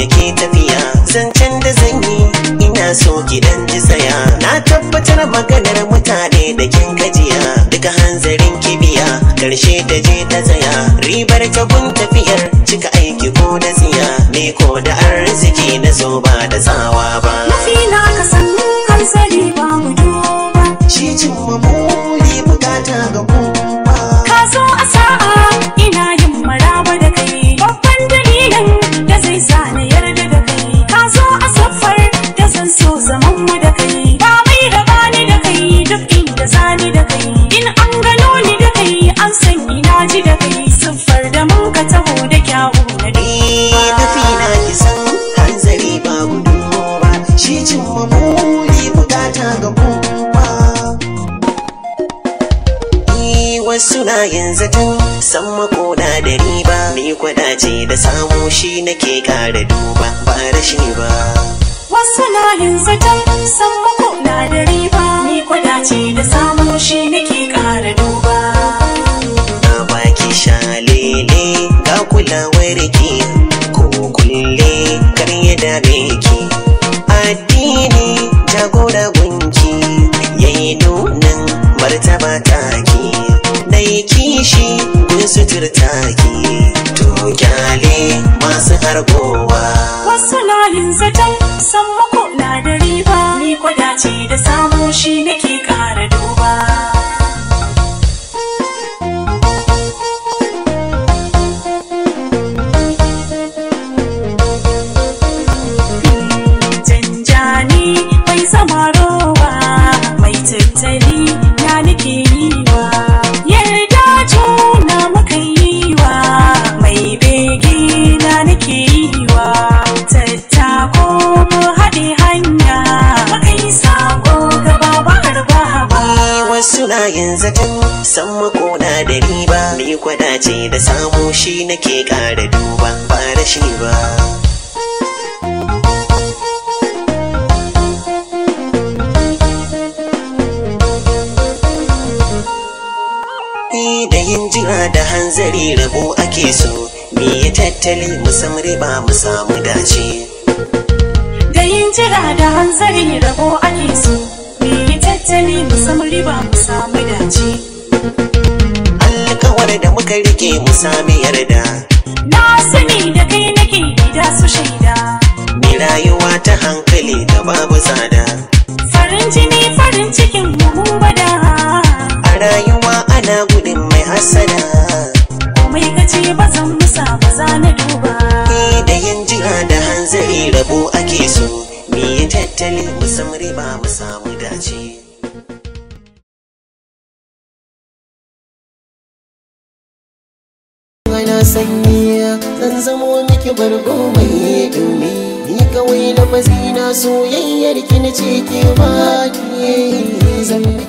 yake tafiya zancen da zan yi ina so gidan ji saya na tabbatar maganar mutane da kin gajiya daga hanzarin kibiya karshe ta je ta tsaya ribar ta gun tafiyar cika aiki ko da tsiya ne ko da arziki na zo ba da tsawa ba mafi ka hanzari ba mu duba shi cin mamuni bukata ga suna yin zaton san makoda da riba ni kwadace da samu shi nake kara duba ba rashi ba wasu na yin zaton san makoda da riba ni kwadace da samu kirtaki to kyale masu harbowa wasu yin zaton san muku na da riba ni kwadace da samu shi nake ƙara duba Thank shi ba ni kwadace da samu shi nake ƙara duba ba shi ba da yin jira da hanzari rabo ake so me ya tattali musamman ba mu samu dace da yin jira da hanzari rabo ake so me ya tattali musamman ba mu samu dace rike mu sami yarda na sani da kai nake da su shaida ni rayuwa ta hankali da babu tsada farin jini farin cikin mu bada a rayuwa ana gudun mai hasada komai ce ba zan musa ba za na duba ni da yin jira da hanzari rabo ake so ni tattali mu riba mu samu dace sanyi zan zamo miki bargo mai dumi ni kawai na bazina soyayyar ki na ce ki baki zan